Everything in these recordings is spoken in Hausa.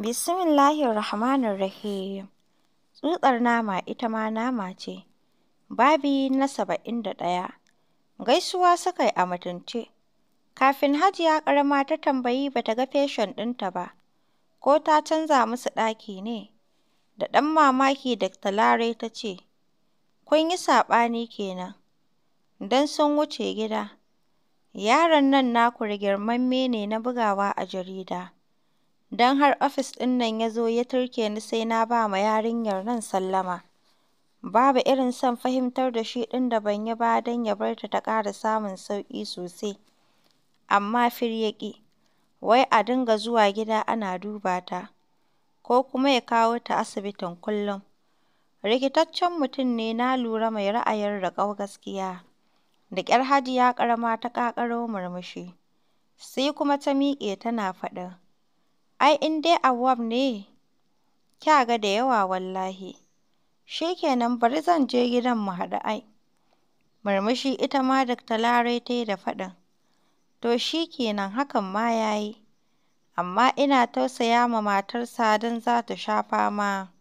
Bismillahirrahmanirrahim. Tsutsar nama ita ma nama ce. Babi na saba'in da ɗaya. Gaisuwa suka yi a mutunce. Kafin Hajiya ƙarama ta tambayi ba ta ga feshon ɗinta ba, ko ta canza musu ɗaki ne? Da ɗan mamaki ta talare ta ce, Kun yi saɓani kenan, don sun wuce gida. Yaron nan naku rigirmamme ne na bugawa a jarida. Don har ofis ɗin nan ya zo ya turke ni sai na ba ma yarinyar nan sallama, babu irin son fahimtar da shi ɗin da ban yi ba don ya bar ta ta ƙara samun sauƙi sosai, amma fir ya wai a dinga zuwa gida ana duba ta, ko kuma ya kawo ta asibitin kullum. Rikitaccen mutum ne na lura mai ra'ayin riƙau gaskiya, da ƙyar Hajiya ƙarama ta ƙaƙaro murmushi, sai kuma ta miƙe tana faɗin. Ai in dai Awwab ne, kya ga da yawa wallahi. Shi kenan bari zan je gidan mu haɗu ai. Murmushi ita ma Dr. Larai ta yi da faɗin, to shi ke hakan ma ya yi. Amma ina tausaya ma matarsa don za ta sha fama.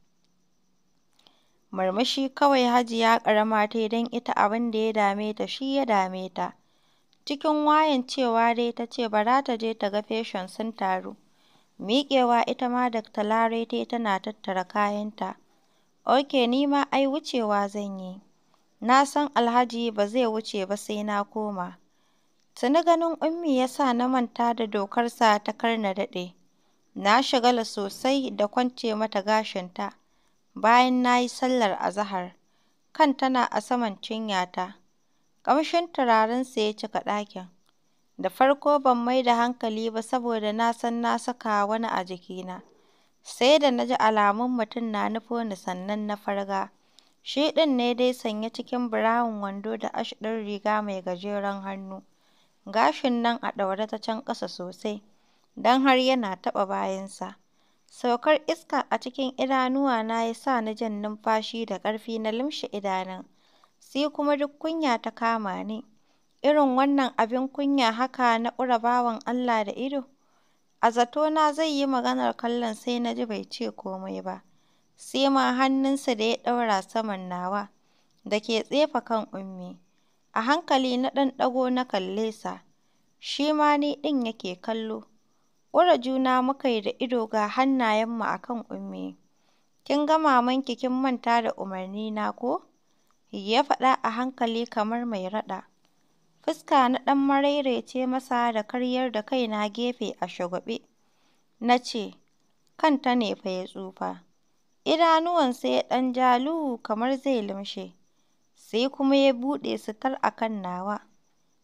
Murmushi kawai Hajiya ƙarama ta don ita abin da ya dame ta shi ya dame ta. Cikin wayan cewa dai ta ce bara ta je ta ga feshin sun taru. Miƙewa ita ma da Lare ta yi tana tattara kayanta. OK, ni ma ai wucewa zan yi. Na san Alhaji ba zai wuce ba sai na koma. Tuni ganin Ummi ya sa na manta da dokarsa ta kar na daɗe. Na shagala sosai da kwance mata gashinta bayan na yi sallar azahar. Kan tana a saman cinyata. Ƙamshin turarensa ya cika ɗakin. Da farko ban mai da hankali ba saboda na san na saka wani a jikina, sai da na ji alamun mutum na nufo ni sannan na farga, shi ɗin ne dai sanye cikin brown wando da ash ɗin riga mai gajeren hannu, gashin nan a ɗaure ta can ƙasa sosai, Dan har yana taɓa bayansa. Saukar iska a cikin idanuwa na ya sa ni jan numfashi da ƙarfi na lumshe idanun, sai kuma duk kunya ta kama ni. Irin wannan abin kunya haka na ƙure bawan Allah da ido, a zatona zai yi maganar kallon sai na ji bai ce komai ba, sai ma hannunsa da ya ɗaura saman nawa da ke tsefa kan Ummi, a hankali na ɗan ɗago na kalle sa, shi ma ni ɗin yake kallo, ƙura juna muka yi da ido ga hannayenmu a kan Ummi. Kin ga mamanki kin manta da umarnina ko? ya faɗa a hankali kamar mai raɗa. Fuska na ɗan maraice masa da karyar da kaina gefe a shagwaɓe, na ce, "Kanta ne fa ya tsufa." Idanuwansa ya ɗan ja luhu kamar zai lumshe, sai kuma ya buɗe su tar a kan nawa.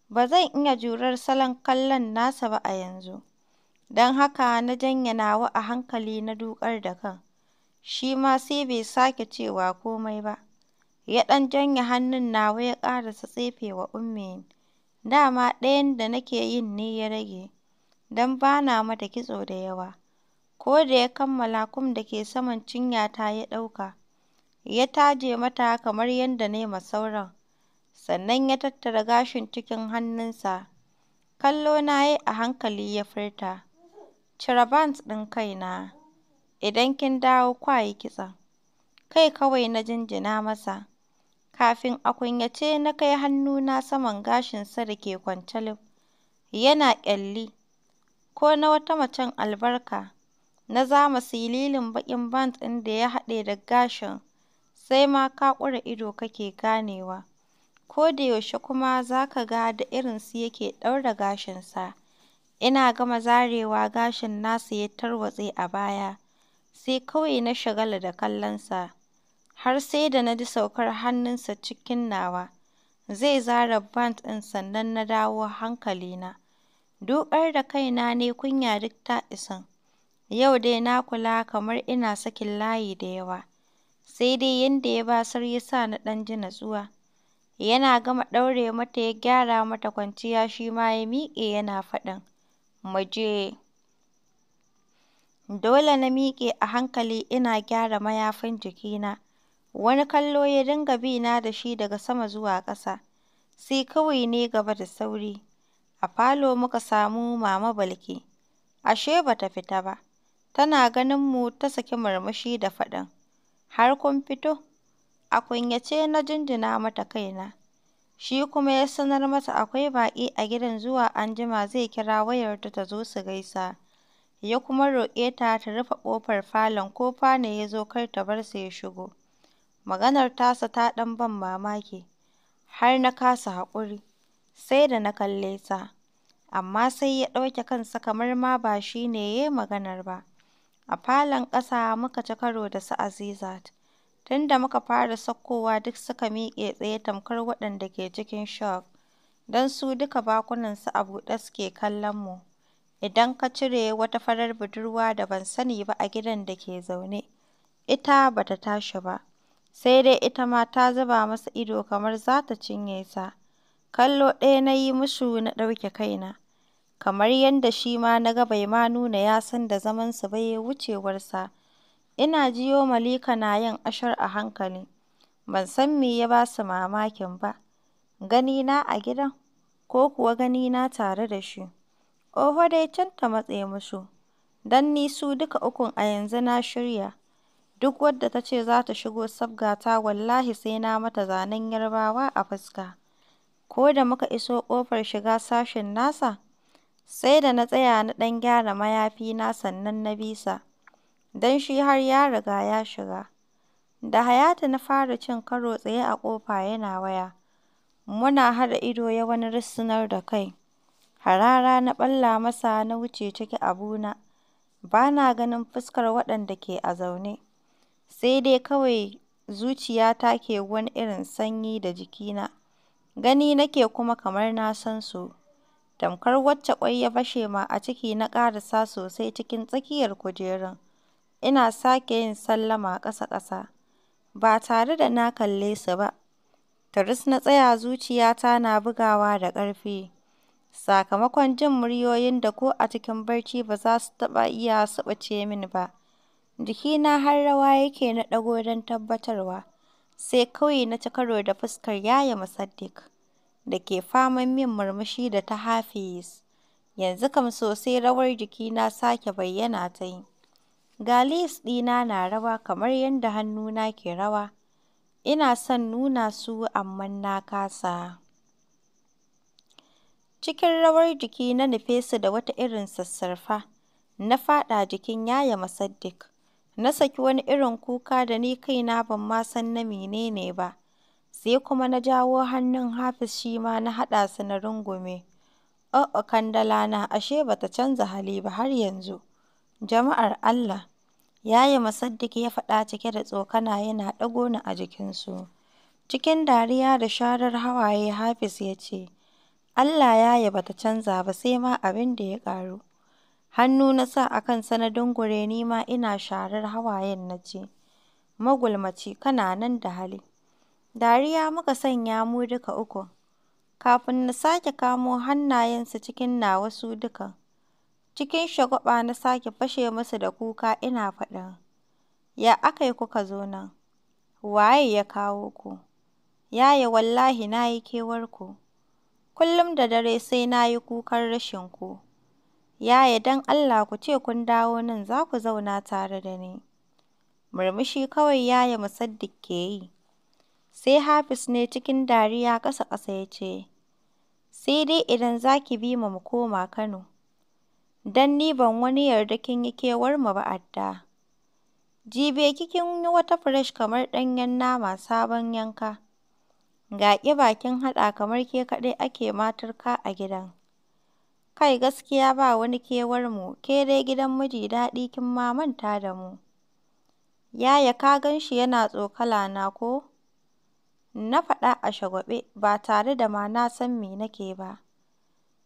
Ba zan iya jurar salon kallon nasa ba a yanzu, don haka na janye nawa a hankali na dukar da kan. Shi ma sai bai sake cewa komai ba, ya ɗan janye hannun nawa ya ƙarasa tsefewa ummini. dama ɗayan da nake yin ne ya rage, don ba na mata kitso da yawa. Ko da ya kammala kum da ke saman cinya ta ya ɗauka, ya taje mata kamar yadda na ma sauran, sannan ya tattara gashin cikin hannunsa. Kallo na ya yi a hankali ya furta, "Cire bans ɗin na. idan kin dawo kwa yi kitson." Kai kawai na jinjina masa. Kafin a kunyace na kai hannuna saman gashinsa da ke kwance yana ƙyalli, ko na wata macen albarka, na zama sililin baƙin band ɗin da ya haɗe da gashin, sai ma ka ƙure ido kake ganewa, Ko da yaushe kuma za ka ga da irin su yake ɗaure gashinsa. Ina gama zarewa gashin nasa ya tarwatse a baya, sai kawai na shagala da kallonsa. har sai da na ji saukar hannunsa cikin nawa, zai zara bant ɗin sannan na dawo hankalina. Dukar da kaina ne kunya duk ta isan. Yau dai na kula kamar ina sakin layi da yawa, sai dai yadda ya ba basar ya sa na ɗan ji natsuwa. Yana gama ɗaure mata ya gyara mata kwanciya shi ma ya miƙe yana faɗin, mu Dole na miƙe a hankali ina gyara mayafin jikina Wani kallo ya dinga bi na da shi daga sama zuwa ƙasa, sai kawai ne gaba da sauri. A falo muka samu Mama Balki, ashe ba ta fita ba, tana ganin mu ta saki murmushi da faɗin, har kun fito? A kunyace na jinjina mata kaina, shi kuma ya sanar mata akwai baƙi a gidan zuwa anjima zai kira wayarta ta zo su gaisa, ya kuma roƙe ta ta rufe ƙofar falon ko fa ne ya zo kar ta bar sa ya shigo. Maganar tasa ta ɗan ban mamaki har na kasa haƙuri, sai da na kalle ta, amma sai ya ɗauke kansa kamar ma ba shi ne ya yi maganar ba. A falon ƙasa muka ci karo da su Azizat. Tun da muka fara sakkowa duk suka miƙe tsaye tamkar waɗanda ke cikin shock, don su duka bakunansu a buɗe suke kallon mu. Idan ka cire wata farar budurwa da ban sani ba a gidan da ke zaune, ita ba ta tashi ba. sai dai ita ma ta zuba masa ido kamar za ta cinye sa Kallo ɗaya na yi musu na ɗauke kaina, kamar yadda shi ma na ga bai ma nuna ya san da zamansu ba ya wucewarsa. Ina jiyo Malika na yin ashar a hankali, ban san me ya ba su mamakin ba, gani na a gidan, ko kuwa gani na tare da shi. Oho dai can ta matse musu, don ni su duka ukun a yanzu na shirya. Duk wadda ta ce za ta shigo sabgata wallahi sai na mata zanen Yarbawa a fuska. Ko da muka iso ƙofar shiga sashen nasa, sai da na tsaya na ɗan gyara mayafina sannan na bisa. sa, don shi har ya riga ya shiga. Da Hayatu na fara cin karo tsaye a ƙofa yana waya, muna haɗa ido ya wani rissunar da kai. Harara na ɓalla masa na wuce ciki abuna, ba na ganin fuskar waɗanda ke a zaune. Sai dai kawai zuciyata ke wani irin sanyi da jikina, gani nake kuma kamar na san su, tamkar wacce ƙwai ya fashe ma a ciki na ƙarasa sosai cikin tsakiyar kujerun, ina sake yin sallama ƙasa-ƙasa, ba tare da na kalle su ba, tiris na tsaya zuciyata na bugawa da ƙarfi, sakamakon jin muryoyin da ko a cikin barci ba za su taɓa iya suɓuce mini ba. Jikina har rawa yake na ɗago don tabbatarwa, sai kawai na ci karo da fuskar Yaya musaddik da ke faman min murmushi da ta Hafiz, yanzu kam sosai rawar jikina sake bayyana ta yi, galis ɗina na rawa kamar yadda hannuna ke rawa, ina son nuna su amman na kasa. Cikin rawar jiki na nufesu da wata irin sassarfa, na faɗa jikin Yaya Msaddy. Na saki wani irin kuka da ni kaina ban ma san na mene ne ba, sai kuma na jawo hannun Hafiz shi ma na haɗa su na rungume. kandala na ashe ba ta canza hali ba har yanzu. Jama'ar Allah! Yaya Musaddik ya faɗa cike da tsokana yana ɗago ni a jikinsu. Cikin dariya da sharar hawaye Hafiz ya ce, Allah yaya ba ta canza ba sai ma abin da ya ƙaru. Hannu na sa a kan sanadin gure ni ma ina sharar hawayen na ce, magulmaci kana nan da hali. Dariya muka sanya mu duka uku. kafin na sake kamo hannayensu cikin na wasu duka. Cikin shagwaba na sake fashe musu da kuka ina faɗin, ya aka yi kuka zo nan? Waye ya kawo ku? Yaya wallahi na yi kewar ku. Kullum da dare sai na yi kukan rashin ku. Yaya don Allah ku ce kun dawo nan za ku zauna tare da ni. Murmushi kawai Yaya Musaddik ke yi. Sai Hafiz ne cikin dariya ƙasa-ƙasa ya ce, sai dai idan za ki bi mu koma Kano, don ni ban wani yarda kin yi kewar mu ba'adda. adda. Jibi kikin yi wata fresh kamar ɗanyen nama sabon yanka, ga ƙi bakin haɗa kamar ke kaɗai ake matarka a gidan. Kai gaskiya ba wani kewar mu, ke dai gidan miji daɗi kin ma manta da mu. Yaya ka gan shi yana tsokala na ko? Na faɗa a shagwaɓe ba tare da ma na san me nake ba.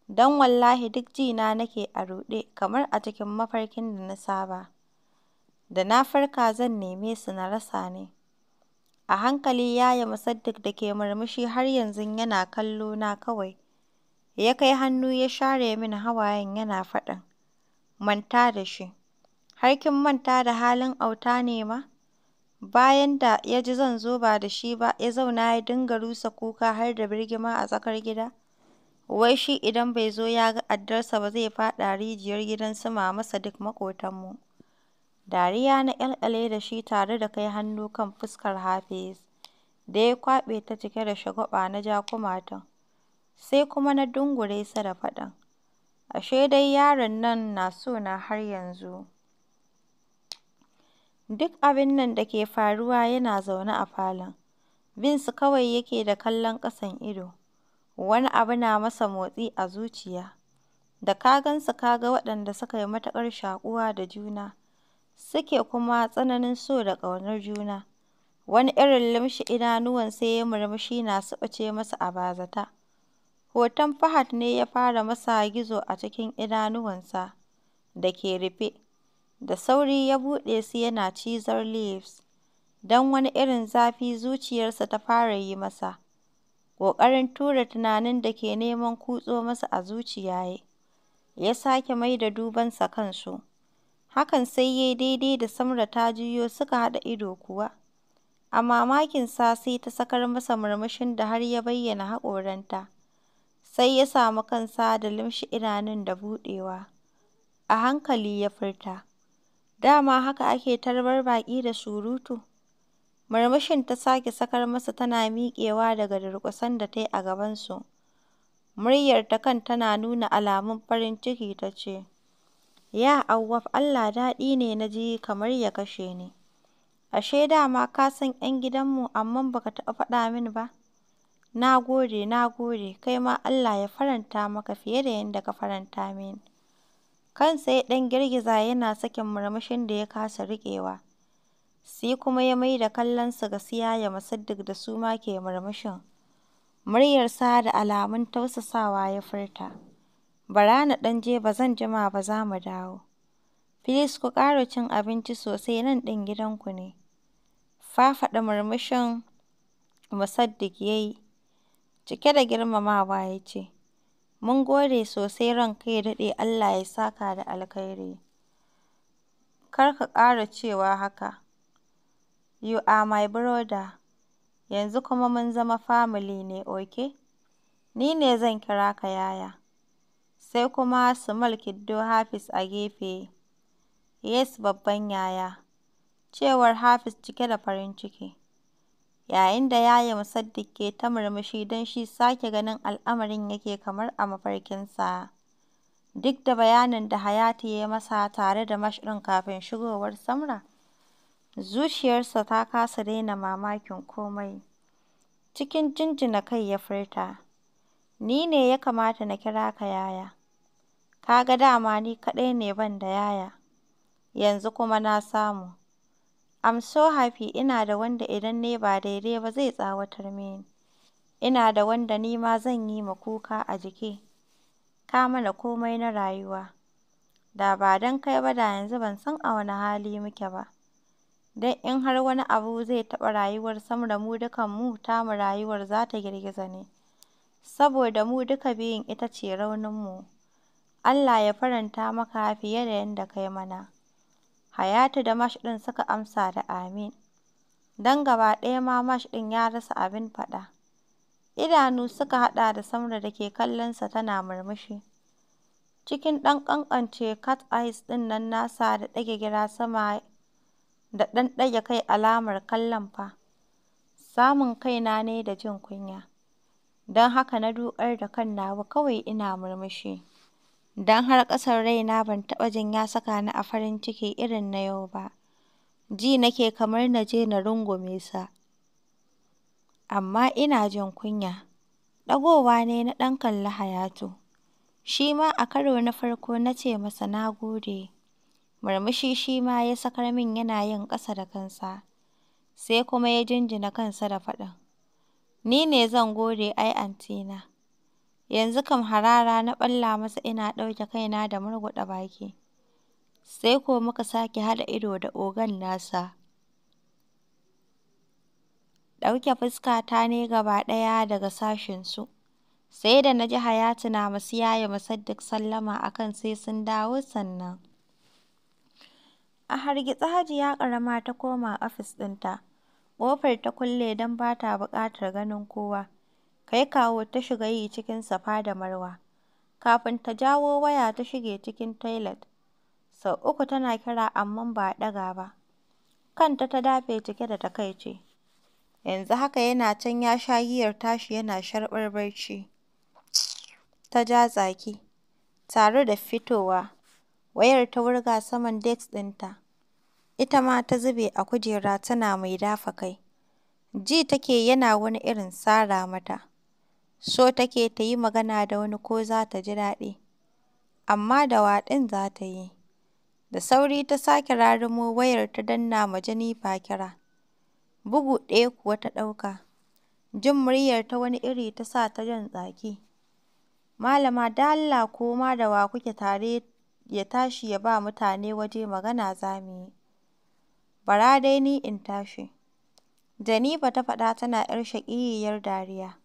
Don wallahi duk jina na nake a ruɗe kamar a cikin mafarkin da na saba. Da na farka zan neme su na rasa ne. A hankali Yaya Musaddik da ke murmushi har yanzu yana kallo na kawai. Ya kai hannu ya share min hawayen yana faɗin, "Manta da shi, har kin manta da halin auta ne ma?" Bayan da ya ji zan zo ba da shi ba, ya zauna ya dinga rusa kuka har da birgima a tsakar gida. Wai shi idan bai zo ya ga addarsa ba zai faɗa rijiyar gidan su masa duk maƙotanmu. Dariya na ƙyalƙyale da shi tare da kai hannu kan fuskar Hafiz, da ya kwaɓe ta cike da shagwaɓa na ja kumatun. sai kuma na dungure sa da faɗan, ashe dai yaron nan na sona har yanzu. Duk abin nan da ke faruwa yana zaune a falon, bin su kawai yake da kallon ƙasan ido, wani abu na masa motsi a zuciya, da ka gansu ka ga waɗanda suka yi matuƙar shaƙuwa da juna, suke kuma tsananin so da ƙaunar juna, wani irin lumshi idanuwan sai ya murmushi na suɓuce masa a bazata. Hoton Fahad ne ya fara masa gizo a cikin idanuwansa da ke rufe, da sauri ya buɗe su yana cizar Leaves, don wani irin zafi zuciyarsa ta fara yi masa, ƙoƙarin tura tunanin da ke neman kutso masa a zuciya ya sake ya sake maida dubansa kansu, hakan sai ya daidai da Samra ta juyo suka haɗa ido kuwa, a mamakinsa sai ta sakar masa murmushin da har ya bayyana haƙoranta. sai ya sami kansa da limshi idanun da buɗewa, a hankali ya furta, "dama haka ake tarbar baƙi da surutu?" Marmashin ta sake sakar masa tana miƙewa daga durƙusan da ta yi a gabansu, muryar ta kan tana nuna alamun farin ciki ta ce, "Ya Awwaf Allah daɗi ne na ji kamar ya kashe ni, ashe dama ka san 'yan gidanmu amma baka ka taɓa faɗa min ba?" Na gode, na gode, kai ma Allah ya faranta maka fiye da yadda ka faranta mini. Kan sai ɗan girgiza yana sakin murmushin da ya kasa riƙewa. Sai kuma ya mai da kallonsa ga siya ya Musaddik da su ma ke murmushin. Muryarsa da alamun tausasawa ya furta. Bara na ɗan je ba zan jima ba za mu dawo. Filis ku ƙara cin abinci sosai nan ɗin gidanku ne. Fafaɗa murmushin Musaddik ya yi. Cike da girmamawa ya ce, "Mun gode sosai ran kai daɗe, Allah ya saka da alkhairi, kar ka ƙara cewa haka, you are my brother, yanzu kuma mun zama family ne ok, ni ne zan kira ka yaya." Sai kuma Sumul Kiddo Hafiz a gefe, "Yes babban yaya," cewar Hafis cike da farin ciki. yayin da Yaya Moctezl ke ta murmushi don shi sake ganin al'amarin yake kamar a mafarkinsa, duk da bayanin da Hayati ya masa tare da mashirin kafin shigowar Samra, zuciyarsa ta kasa daina mamakin komai, cikin jinjina kai ya furta, “Ni ne ya kamata na kira ka Yaya, ka ga dama ni kaɗai ne ban da Yaya, yanzu kuma na samu.” I'm so happy ina da wanda idan ne ba daidai ba zai tsawatar mini, ina da wanda ni ma zan yi ma kuka a jiki, ka mana komai na rayuwa, da ba don kai ba da yanzu ban san a wani hali muke ba, don in har wani abu zai taɓa rayuwar Samra mu dukan ta tamu rayuwar za ta girgiza ne, saboda mu duka biyun ita ce raunin mu Allah ya faranta maka fiye da yanda kai mana. Hayatou da Mash ɗin suka amsa da amin, don gaba ɗaya ma Mash ɗin ya rasa abin faɗa, idanu suka haɗa da Samra da ke kallonsa tana murmushi, cikin ɗan ƙanƙance cat eyes ɗin nan nasa da ɗage gira sama da ɗan ɗage kai alamar kallon fa, samun kaina ne da jin kunya, don haka na duƙar da kan nawa kawai ina murmushi. Don har ƙasar raina ban taɓa jin ya saka ni a farin ciki irin na yau ba, ji nake kamar na je na rungume sa, amma ina jin kunya, ɗagowa ne na ɗan kalli hayatu. shi ma a karo na farko na ce masa na gode, murmushi shi ma ya sakar min yana yin ƙasa da kansa, sai kuma ya jinjina kansa da faɗin, ni ne zan gode ai antina. Yanzu kam harara na ɓalla masa ina ɗauke kaina da murguɗa baki, sai ko muka sake haɗa ido da ogan nasa. Ɗauke fuskata ne gaba ɗaya daga su. sai da na ji Hayatu na masu Yaya masaddik sallama akan sai sun dawo sannan. A Haji Hajiya ƙarama ta koma ofis ɗinta, ƙofar ta kulle don ba ta buƙatar ganin kowa. kai-kawo ta shiga yi cikin safa da marwa, kafin ta jawo waya ta shige cikin toilet, sau uku tana kira amma ba a ɗaga ba, kanta ta dafe cike da takaici, yanzu haka yana can ya sha giyar tashi yana sharɓar barci. Ta ja tsaki, tare da fitowa, wayar ta wurga saman desk ɗinta, ita ma ta zube a kujera tana mai dafa kai, ji take yana wani irin sara mata. So take ta yi magana da wani ko za ta ji daɗi, amma da waɗin za ta yi. Da sauri ta sake rarumo wayar ta danna ma Jennifer kira. Bugu ɗaya kuwa ta ɗauka. Jin muryar ta wani iri ta sa ta jan tsaki. Malama da Allah ko ma da wa kuke tare ya tashi ya ba mutane waje magana za mu yi. Bara dai ni in tashi. Jennifer ta faɗa tana 'yar shaƙiyyar dariya.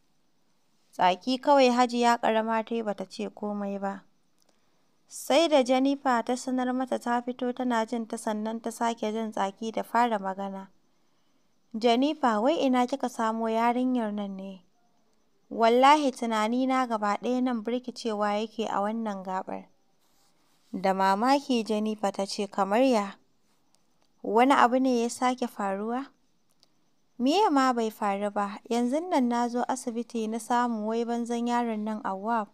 Tsaki kawai Hajiya ƙarama ta yi ba ta ce komai ba, sai da Janifa ta sanar mata ta fito tana jin ta sannan ta sake jin tsaki da fara magana. Janifa wai ina kika samo yarinyar nan ne? Wallahi tunani na gaba ɗaya nan birkicewa yake a wannan gabar. Da mamaki Janifa ta ce, kamar ya? Wani abu ne ya sake faruwa? Miye ma bai faru ba, yanzun nan na zo asibiti na samu wai banzan yaron nan a Awwaf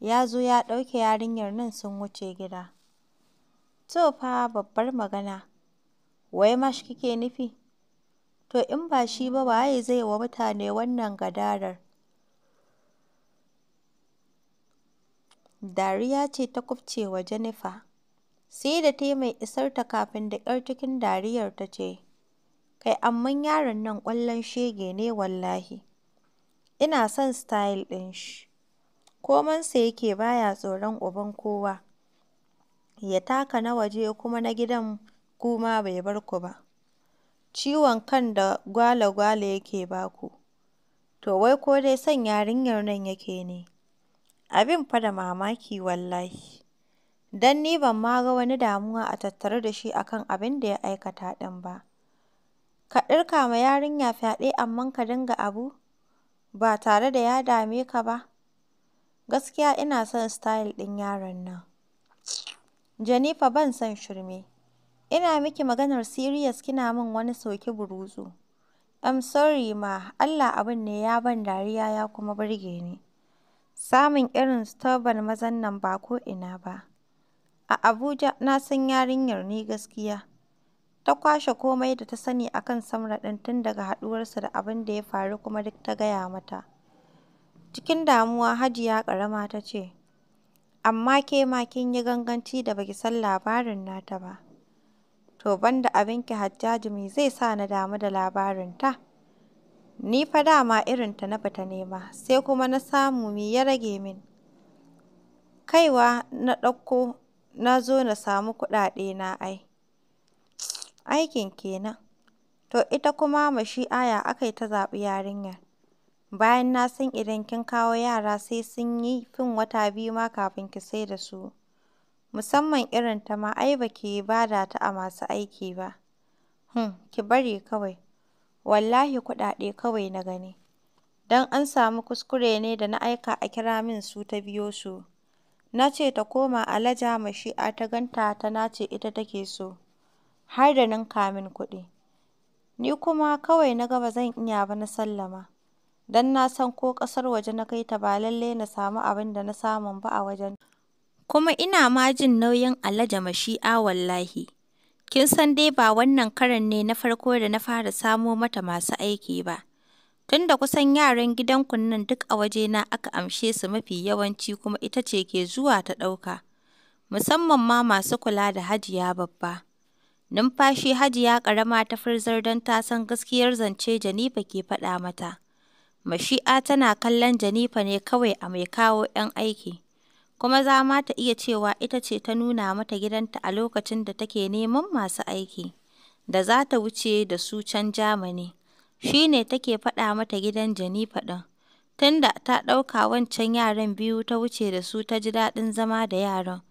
ya zo ya ɗauke yarinyar nan sun wuce gida. To fa babbar magana, wai mash kike nufi? To in ba shi ba waye zai wa mutane wannan gadarar? Dariya ce ta kubce wa Jennifer, sai da ta yi mai isar ta kafin da ƙyar cikin dariyar ta ce. Kai amman yaron nan ƙwallon shege ne wallahi, ina son style ɗin shi, komansa yake baya tsoron uban kowa, ya taka na waje kuma na gidan kuma bai bar ku ba, ciwon kan da gwale-gwale yake ba ku, to wai ko dai son yarinyar nan yake ne, abin fa da mamaki wallahi, Dan ni ban ma ga wani damuwa a tattare da shi akan abin da ya aikata ɗin ba. Ka ɗirka ma yarinya fyaɗe amma ka dinga abu ba tare da ya dame ka ba, gaskiya ina son style ɗin yaron nan. Jennifer ban son shirme, ina miki maganar serious kina min wani soki burutsu. I'm sorry ma Allah abin ne ya ban dariya ya kuma burge ni. Samun irin stubborn mazan nan ba ko ina ba. A Abuja na san yarinyar ni gaskiya. Ta kwashe komai da ta sani a kan Samra ɗin tun daga haɗuwarsa da abin da ya faru kuma duk ta gaya mata. Cikin damuwa Hajiya karama ta ce, amma ke ma kin yi ganganci da baki san labarin nata ba. To ban da ki Hajjaji me zai sa na damu da labarin ta Ni fa dama irin ta na fita nema, sai kuma na samu me ya rage min? Kaiwa na ɗauko na zo na samu kuɗaɗe na ai. Aikin kenan. To ita kuma ma shi aya aka yi ta zaɓi yarinyar? Bayan na san idan kin kawo yara sai sun yi fin wata biyu ma kafin ki sai da su. Musamman irin ta ma ai ba ki bada ta a masu aiki ba. Hun, hmm, ki bari kawai. Wallahi kuɗaɗe kawai na gani. Don an samu kuskure ne da na aika a kira min su ta biyo su. Na ce ta koma shi Mashi'a ta ganta ta ta nace ita take so. har da ninka min kuɗi. Ni kuma kawai na ga ba zan iya ba na sallama, don na san ko ƙasar waje na kai ta ba lallai na samu abin da na samun ba a wajen. Kuma ina ma jin nauyin Alhaji Mashi'a wallahi. Kin san dai ba wannan karan ne na farko da na fara samo mata masu aiki ba. Tunda kusan yaran gidan kunnen duk a wajena aka amshe su mafi yawanci kuma ita ce ke zuwa ta ɗauka. Musamman ma masu kula da Hajiya Babba. Numfashi Hajiya ƙarama ta farzar don ta san gaskiyar zance Janifa ke faɗa mata. Mashi'a tana kallon Janifa ne kawai a mai kawo 'yan aiki, kuma za ma ta iya cewa ita ce ta nuna mata gidanta a lokacin da take neman masu aiki da za ta wuce da su can jamani Shi ne take faɗa mata gidan Janifa ɗin, tunda ta ɗauka wancan yaran biyu ta wuce da su ta ji daɗin zama da yaran.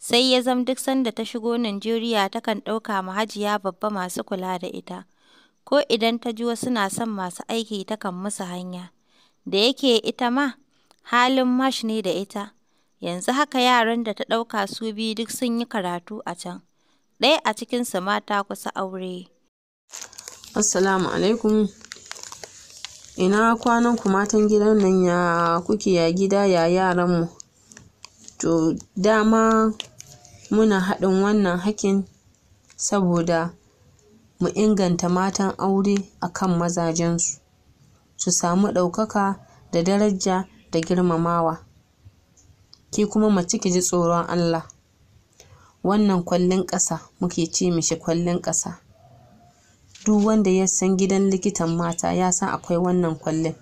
Sai ya zam duk sanda ta shigo ta takan ɗauka ma Hajiya Babba masu kula da ita, ko idan ta ji wasu na son masu aiki takan musu hanya, da yake ita ma halin mash ne da ita, yanzu haka yaran da ta ɗauka su biyu duk sun yi karatu a can, ɗaya a cikinsu ma kusa aure. Assalamu alaikum. Ina kwanan ku matan gidan nan ya kuke ya gida ya yaran mu? To dama muna haɗin wannan haƙƙin saboda mu inganta matan aure kan mazajen su su samu ɗaukaka da daraja da girmamawa ke kuma mace ki ji tsoron Allah wannan kwallin ƙasa muke ce mishi kwallin ƙasa duk wanda ya san gidan likitan mata ya san akwai wannan kwallin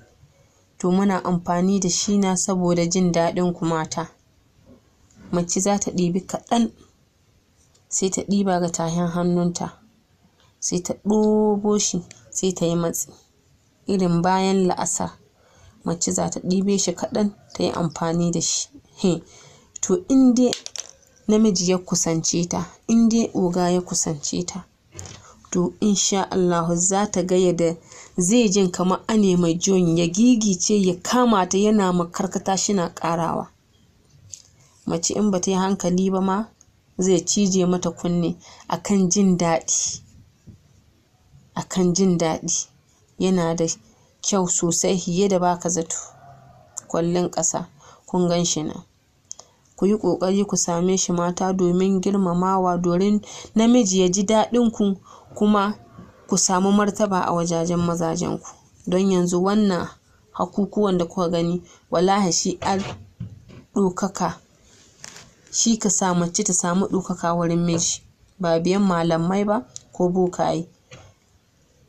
to muna amfani da shi na saboda jin daɗin ku mata mace za ta ɗibi kaɗan sai ta ɗiba ga tahin hannunta sai ta ɗobo shi sai ta yi matsi irin bayan la'asa mace za ta ɗibe shi kaɗan ta yi amfani da shi to in dai namiji ya kusance ta in dai oga ya kusance ta to insha Allahu za ta ga yadda zai jin kamar ane mai juyin ya gigice ya kama ta yana makarkata shi na ƙarawa mace in ba ta yi hankali ba ma zai cije mata kunne akan jin daɗi akan jin daɗi yana da kyau sosai fiye da baka zato ƙwallon ƙasa kun gan shi nan ku yi ƙoƙari ku same shi mata domin girmamawa domin namiji ya ji daɗin ku kuma ku samu martaba a wajajen mazajen ku don yanzu wannan hakukuwan da kuka gani wallahi shi an ɗaukaka shi ka sa mace ta samu ɗaukaka wurin miji ba biyan malamai ba ko bokaye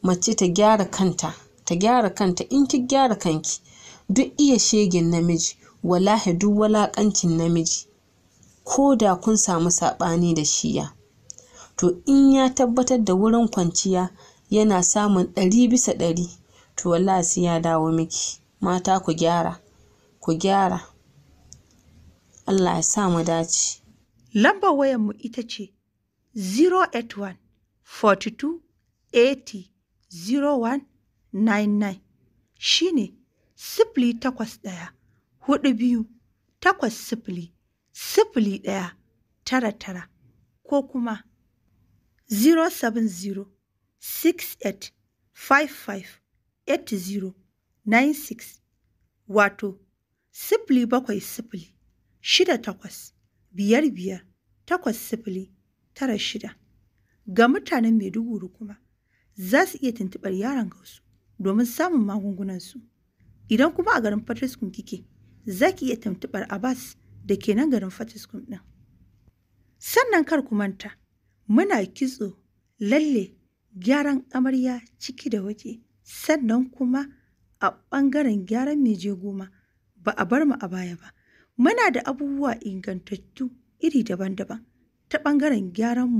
mace ta gyara kanta ta gyara kanta in ki gyara kanki duk iya shegin namiji wallahi duk walaƙancin namiji ko da kun samu saɓani da shiya to in ya tabbatar da wurin kwanciya yana samun ɗari bisa ɗari to wallahi sai ya dawo miki mata ku gyara ku gyara Allah ya sa mu dace. Lambar wayar mu ita ce 081 42 80 01 shine sifili takwas ɗaya hudu biyu takwas sifili ɗaya tara tara ko kuma 070 68 55 80 96 wato sifili bakwai sifili shida takwas biyar biyar takwas sifili tara shida ga mutanen Maiduguri kuma za su iya tuntuɓar yaron gausu domin samun magungunansu. Idan kuma a garin Fataskun kike, za ki iya tuntuɓar Abbas da ke nan garin Fataskun ɗin. Sannan kar ku manta, muna kitso, lalle, gyaran amarya ciki da waje, sannan kuma a ɓangaren gyaran meje goma ba a bar mu a baya ba. Muna da abubuwa ingantattu iri daban-daban ta ɓangaren gyaran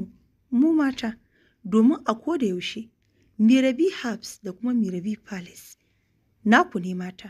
mu mata, domin a ko da yaushe herbs da kuma mirabi palace naku ne mata.